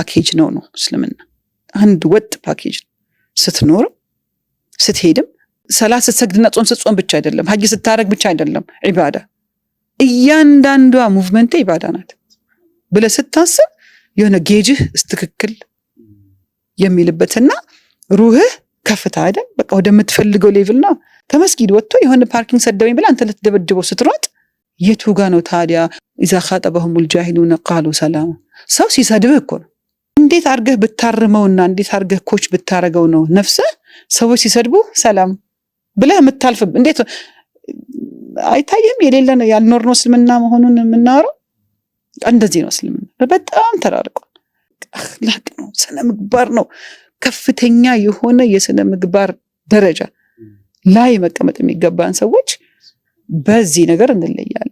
ፓኬጅ ነው ነው እስልምና አንድ ወጥ ፓኬጅ ነው። ስትኖርም ስትሄድም ሰላት ስትሰግድና ጾም ስትጾም ብቻ አይደለም፣ ሀጅ ስታደረግ ብቻ አይደለም። ዒባዳ እያንዳንዷ ሙቭመንት ዒባዳ ናት ብለ ስታስብ የሆነ ጌጅህ ስትክክል የሚልበትና ሩህህ ከፍታ አይደል በቃ ወደምትፈልገው ሌቭል ነው። ከመስጊድ ወጥቶ የሆነ ፓርኪንግ ሰደበኝ ብለህ አንተ ልትደበድበው ስትሮጥ የቱ ጋ ነው ታዲያ? ኢዛ ኻጠበሁሙል ቃሉ ሰላማ። ሰው ሲሰድብህ እኮ ነው እንዴት አርገህ ብታርመውና እንዴት አርገህ ኮች ብታረገው ነው ነፍስህ ሰዎች ሲሰድቡ ሰላም ብለህ የምታልፍ? እንዴት አይታየም? የሌለ ነው እስልምና መሆኑን የምናወረው እንደዚህ ነው። እስልምና በጣም ተራርቆ አክላቅ ነው፣ ስነ ምግባር ነው። ከፍተኛ የሆነ የስነ ምግባር ደረጃ ላይ መቀመጥ የሚገባን ሰዎች በዚህ ነገር እንለያለን።